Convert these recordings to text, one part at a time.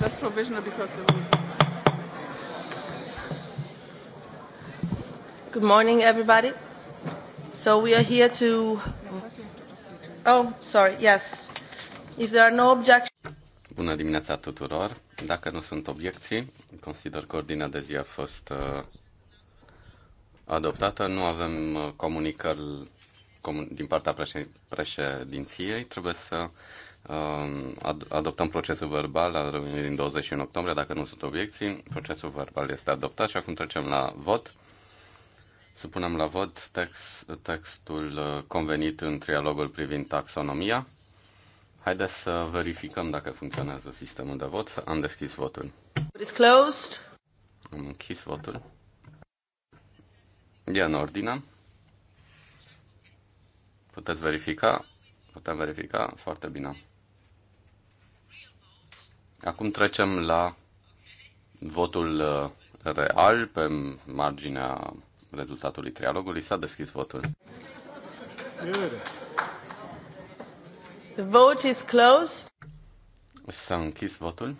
just provisional because of Good morning, everybody. So we are here to. Oh, sorry. Yes. If there are no objections. Bună dimineața tuturor. Dacă nu sunt obiecții, consider că ordinea de zi a fost uh, adoptată. Nu avem uh, comunicări comun- din partea președinției. Trebuie să uh, Um, adoptăm procesul verbal al reuniunii din 21 octombrie, dacă nu sunt obiecții. Procesul verbal este adoptat și acum trecem la vot. Supunem la vot text, textul uh, convenit în trialogul privind taxonomia. Haideți să verificăm dacă funcționează sistemul de vot. Am deschis votul. It's closed. Am închis votul. E în ordine. Puteți verifica. Putem verifica foarte bine. Acum trecem la votul uh, real pe marginea rezultatului trialogului. S-a deschis votul. The vote is closed. S-a închis votul.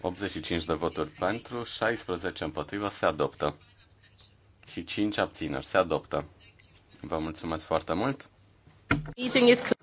85 de voturi pentru, 16 împotrivă, se adoptă. Și 5 abțineri, se adoptă. Vă mulțumesc foarte mult. Meeting is